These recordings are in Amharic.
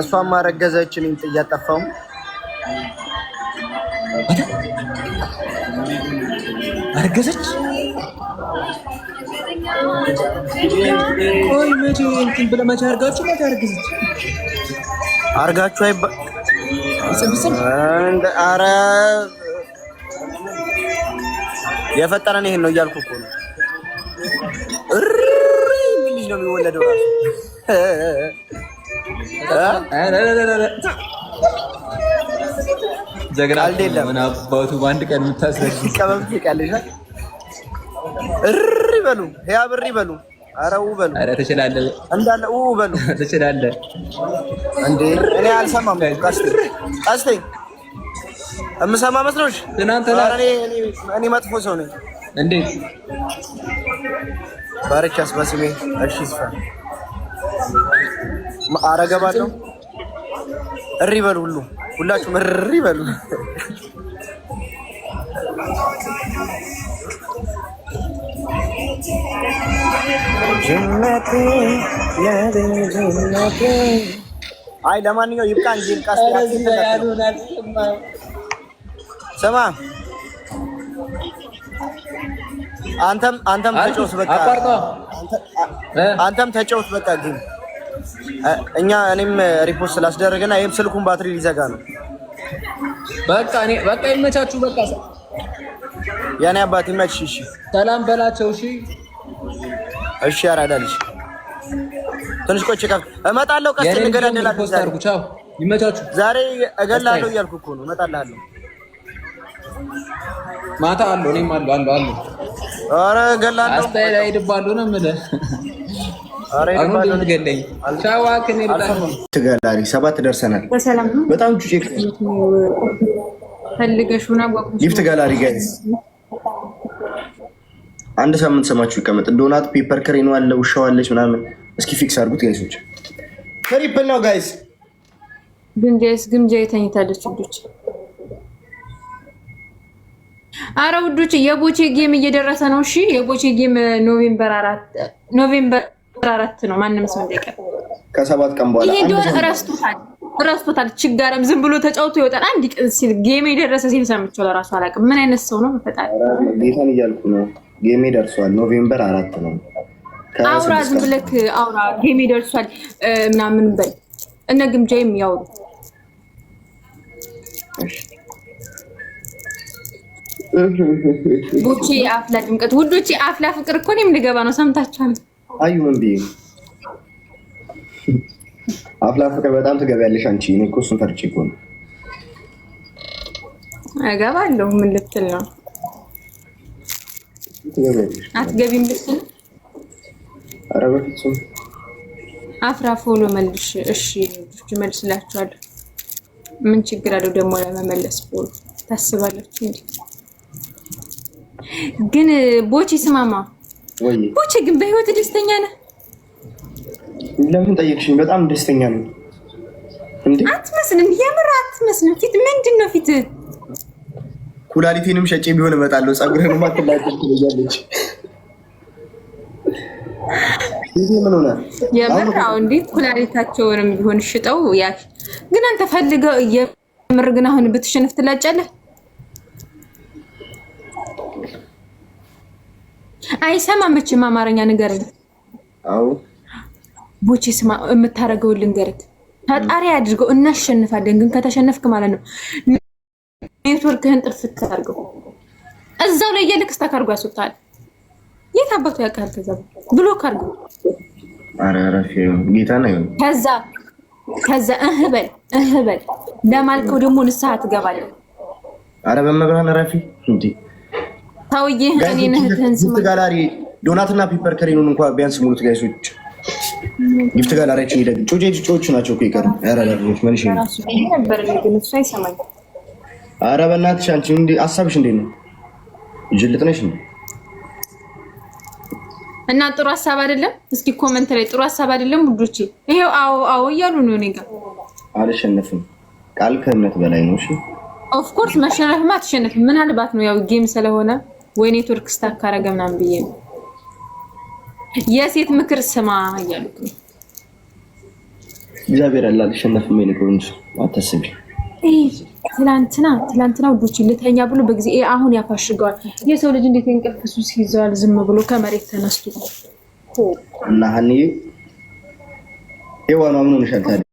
እሷም አረገዘች። እኔም እያጠፋው አረገዘች። ቆይ መቼ እንትን ብለህ መቼ አርጋችሁ መቼ አረገዘች አርጋችሁ አይባ የፈጠረን ይሄን ነው እያልኩ እኮ ነው። እሪ ልጅ ነው የሚወለደው ራሱ ጀግና ምን አባቱ በአንድ ቀን የምታስረጅ ቀመም ትቃለሽ። እሪ በሉ ህያብ እሪ በሉ አረው በሉ አረ ትችላለህ እንዳለ ው በሉ ትችላለህ እንዴ! እኔ አልሰማም። ቀስቴ ቀስቴ እምሰማ መስሎሽ? ትናንትና እኔ መጥፎ ሰው ነኝ እንዴ? ባረቻስ በስሜ እሺ ይስፋ አረገባለሁ። እሪ በሉ ሁሉ ሁላችሁም እሪ በሉ። አይ ለማንኛው ይብቃ እንጂ ልቃስ ስማ አንተም አንተም ተጫወት በቃ አንተም ተጫወት በቃ ግን እኛ እኔም ሪፖርት ስላስደረገና ይሄም ስልኩን ባትሪ ሊዘጋ ነው። በቃ እኔ በቃ ይመቻችሁ። በቃ ያኔ አባት ይመችሽ። እሺ ሰላም በላቸው። እሺ እሺ። ያራዳልሽ ትንሽ ቆይ ካፍ እመጣለሁ። ቀስ እንገዳደላለን። ዛሬ እገላለሁ እያልኩ እኮ ነው። እመጣላለሁ ማታ አሉ እኔም አሉ አሉ አሉ። አረ ገላን አስተያየት አይድባሉ ነው የምልህ። ትገላሪ ሰባት ደርሰናል። በጣም ጩጭ ፈልገሽና ጊፍት ጋላሪ ጋይስ አንድ ሳምንት ሰማችሁ ይቀመጥ። ዶናት ፔፐር ክሬኑ አለ፣ ውሻው አለች ምናምን። እስኪ ፊክስ አድርጉት ጋይሶች። ትሪፕል ነው ጋይስ። ግምጃ የተኝታለች ልጆች አረ ውዶች የቦቼ ጌም እየደረሰ ነው። እሺ የቦቼ ጌም ኖቬምበር አራት ኖቬምበር አራት ነው። ማንም ሰው እንዳይቀር ከሰባት ቀን በኋላ ይሄ ዶር እረስቶታል እረስቶታል። ችጋረም ዝም ብሎ ተጫውቶ ይወጣል። አንድ ቀን ሲል ጌም ደረሰ ሲል ሰምቼው ለራሱ አላውቅም። ምን አይነት ሰው ነው? ፈጣሪ ጌታን እያልኩ ነው። ጌም ደርሷል። ኖቬምበር አራት ነው። አውራ ዝም ብለክ አውራ። ጌሜ ደርሷል ምናምን በል እነ ግምጃዬም ያውሩ ቡቺ አፍላ ድምቀት ውዶቼ፣ አፍላ ፍቅር እኮ እኔም ልገባ ነው። ሰምታችኋል። አዩ ምን ብዬ አፍላ ፍቅር በጣም ትገቢያለሽ አንቺ። እኔ እኮ እሱን ፈርቼ እኮ ነው እገባለሁ። ምን ልትል ነው? አትገቢም ልትል ነው? ኧረ በፍፁም አፍራ ፎሎ መልሽ። እሺ መልስላችኋለሁ። ምን ችግር አለው ደግሞ ለመመለስ ፎሎ ታስባላችሁ እንዴ? ግን ቦቼ ስማማ፣ ቦቼ ግን በህይወት ደስተኛ ነህ? ለምን ጠየቅሽኝ? በጣም ደስተኛ ነኝ። አትመስልም፣ የምር አትመስልም። ፊት ምንድን ነው ፊት? ኩላሊቴንም ሸጬ ቢሆን እመጣለሁ። ጸጉርህንማ ትላጭ ትለያለች። ምን ሆነ? የምር እንዴት ኩላሊታቸውንም ቢሆን ሽጠው። ያ ግን አንተ ፈልገው የምር ግን አሁን ብትሸንፍ ትላጫለህ አይሰማም። መቼም አማርኛ ንገረኝ። አዎ ቡቺ ስማ፣ የምታደርገውን ልንገርህ። ፈጣሪ አድርገው እናሸንፋለን። ግን ከተሸነፍክ ማለት ነው ኔትወርክህን ጥርፍት ታርገው እዛው ላይ እየልክ ስታክ አድርጎ ያስወጣል። የት አባቱ ያውቃል? ከዛ ብሎክ አድርገው ጌታ ነው። ከዛ ከዛ እህበል እህበል እህ ለማልከው ደግሞ ንስሐ ትገባለህ። አረ በመብርሃን ረፊ እንዲህ ሰውዬ እኔን እህትህን ስማ። ጊፍት ጋላሪ ዶናትና ከሬኑን ቢያንስ ሙሉት ጋይሶች። ጊፍት ጋላሪያችን ይደግ ናቸው እኮ መልሽ በእናትሽ አንቺ እንዴ ሀሳብሽ ነው? ጅልጥ ነሽ ነው እና ጥሩ ሀሳብ አይደለም። እስኪ ኮመንት ላይ ጥሩ ሀሳብ አይደለም ውዶቼ። ይሄው አዎ አዎ እያሉ ነው። እኔ ጋር አልሸነፍም። ቃል ከእምነት በላይ ነው። እሺ ኦፍኮርስ መሸነፍማ አትሸነፍም። ምናልባት ነው ያው ጌም ስለሆነ ወይ ኔትወርክ ስታክ ካረገ ምናምን ብዬ ነው። የሴት ምክር ስማ እያሉት ነው። እግዚአብሔር አለ አልሸነፍም። ወይ እንጂ አታስቢ። ትላንትና ትላንትና ውዶች ልተኛ ብሎ በጊዜ አሁን ያፋሽገዋል። የሰው ልጅ እንዴት እንቅልፍ ሱስ ይዘዋል? ዝም ብሎ ከመሬት ተነስቶ እና ሀኒ ዋና ምን ሆነሻል ታዲያ?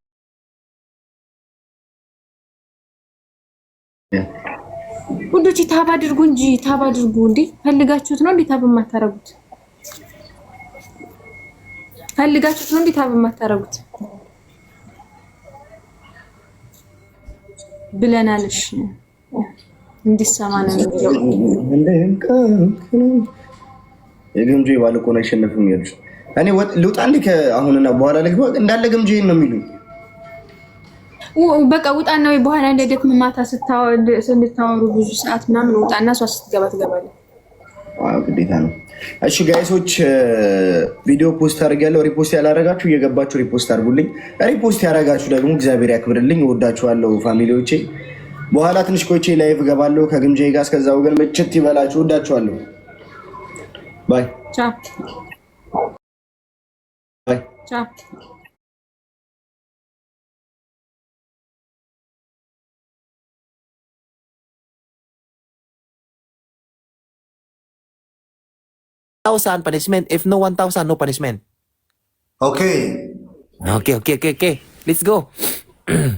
ውዶች ታብ አድርጉ እንጂ ታብ አድርጉ እንዴ! ፈልጋችሁት ነው እንዴ ታብ የማታረጉት? ፈልጋችሁት ነው እንዴ ታብ የማታረጉት? ብለናልሽ እንዲሰማ ነው የግምጆ ባለቆና አይሸነፍም ያሉት እኔ ልውጣ እንዴ ከአሁንና በኋላ ለግባ እንዳለ ግምጆ ነው የሚሉኝ በቃ ውጣና ወይ በኋላ እንደደክም ማታ ስንታወሩ ብዙ ሰዓት ምናምን ውጣና እሷ ስትገባ ትገባለህ። ግዴታ ነው። እሺ ጋይሶች ቪዲዮ ፖስት አድርጊያለሁ። ሪፖስት ያላረጋችሁ እየገባችሁ ሪፖስት አድርጉልኝ። ሪፖስት ያረጋችሁ ደግሞ እግዚአብሔር ያክብርልኝ። እወዳችኋለሁ ፋሚሊዎቼ። በኋላ ትንሽ ቆይቼ ላይቭ እገባለሁ ከግምጃ ጋር። እስከዛ ወገን ምችት ይበላችሁ። እወዳችኋለሁ። ባይ 1,000 punishment. If no 1,000, no punishment. Okay. Okay, okay, okay, okay. Let's go.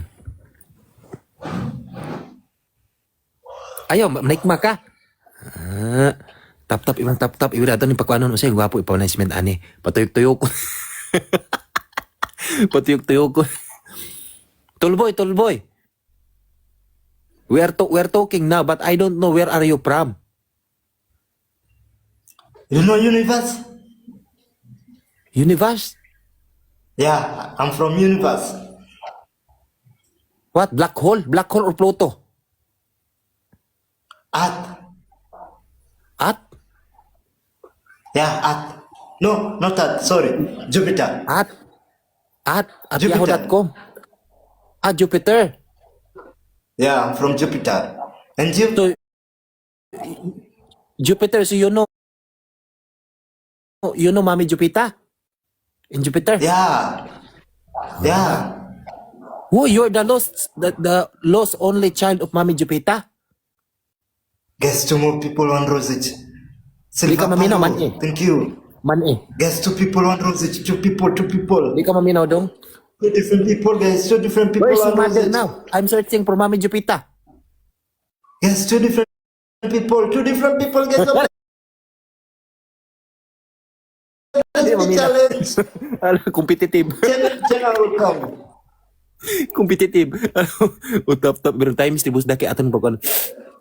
Ayaw, naik maka. Ah, tap tap ibang tap tap ibu datang ni pakuanon usay gwapo ipaw punishment ani. Patuyok-tuyok ko. Patuyok-tuyok ko. Tolboy, tolboy. We are to we are talking now but I don't know where are you from. You know universe? Universe? Yeah, I'm from universe. What? Black hole? Black hole or Pluto? At? At? Yeah, at? No, not at. Sorry. Jupiter. At? At? at Jupiter. yahoo.com. Ah, Jupiter. Yeah, I'm from Jupiter. And you? So, Jupiter, so you know Oh, you know Mami Jupita? In Jupiter? Yeah. Yeah. Who you're the lost the, the lost only child of Mami Jupita? Guess two more people on Rosage. Hindi ka maminaw, man eh. Thank you. Man eh. Guess two people on Rosage. Two people, two people. Hindi ka dong? Two different people, guys. Two different people is on Rosage. now? I'm searching for Mami Jupita. Yes, two different people. Two different people. Guess Challenge. Alam, competitive. Check, check outcome. competitive. Utap tap top pero times tibus daki aton pagkon.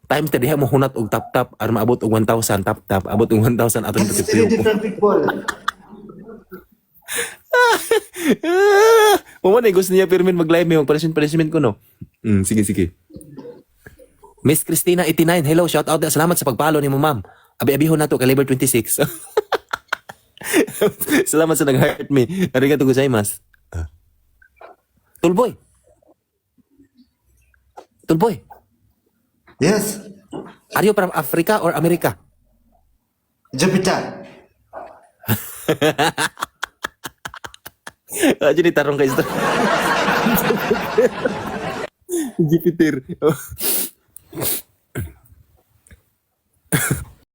Time tadi mo hunat og tap tap ar maabot og 1000 tap tap abot og 1000 aton pa tiyo. Mo man gusto niya Firmin mag-live may palasyon palasyon ko no. Mm, sige sige. Miss Christina 89, hello, shout out. Salamat sa pagpalo ni mo, ma'am. Abi-abiho na to, caliber 26. Selamat sedang hurt me. Arigatou mas. Ah. Tulboy. Tulboy. Yes. Are you from Africa or America? Jupiter. Jadi tarung ke itu. Jupiter. Oh.